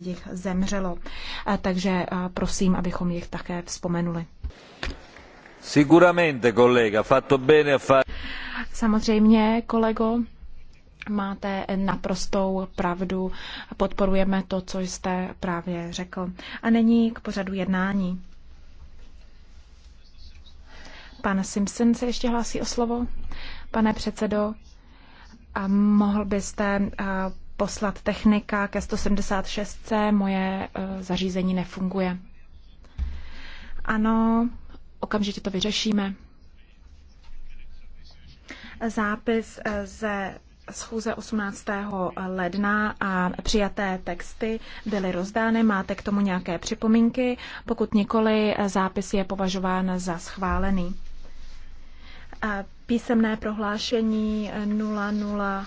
jich zemřelo. Takže prosím, abychom jich také vzpomenuli. Sicuramente, kolega, fatto bene a fa... Samozřejmě, kolego, máte naprostou pravdu. Podporujeme to, co jste právě řekl. A není k pořadu jednání. Pan Simpson se ještě hlásí o slovo. Pane předsedo, a mohl byste poslat technika ke 176C, moje eh, zařízení nefunguje. Ano, okamžitě to vyřešíme. Zápis eh, ze schůze 18. ledna a přijaté texty byly rozdány. Máte k tomu nějaké připomínky? Pokud nikoli, eh, zápis je považován za schválený. Písemné prohlášení 00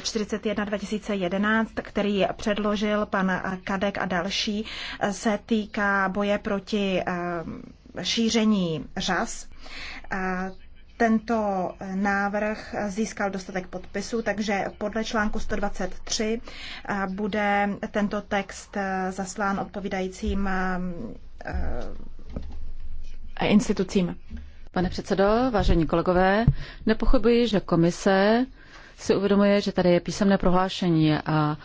41 2011, který předložil pan Kadek a další, se týká boje proti eh, šíření řas. Eh, tento návrh získal dostatek podpisů, takže podle článku 123 eh, bude tento text zaslán odpovídajícím institucím. Pane předsedo, vážení kolegové, nepochybuji, že komise si uvědomuje, že tady je písemné prohlášení a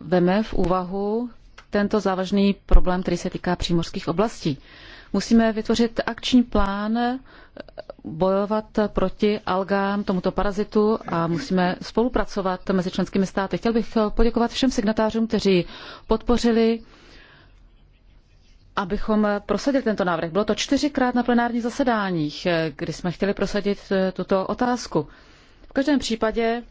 veme v úvahu tento závažný problém, který se týká přímořských oblastí. Musíme vytvořit akční plán, bojovat proti algám, tomuto parazitu a musíme spolupracovat mezi členskými státy. Chtěl bych poděkovat všem signatářům, kteří podpořili abychom prosadili tento návrh. Bylo to čtyřikrát na plenárních zasedáních, kdy jsme chtěli prosadit tuto otázku. V každém případě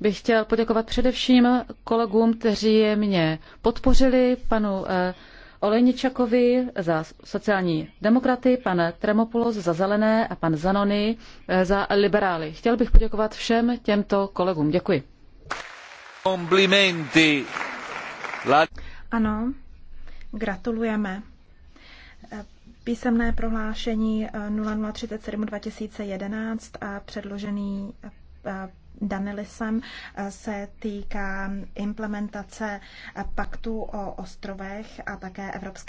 bych chtěl poděkovat především kolegům, kteří mě podpořili, panu eh, Olejničakovi za sociální demokraty, pan Tremopoulos za zelené a pan Zanony eh, za liberály. Chtěl bych poděkovat všem těmto kolegům. Děkuji. Komplimenty. Ano, gratulujeme. Písemné prohlášení eh, 0037 2011 a předložený Eh, Danilisem eh, se týká implementace eh, paktu o ostrovech a také Evropské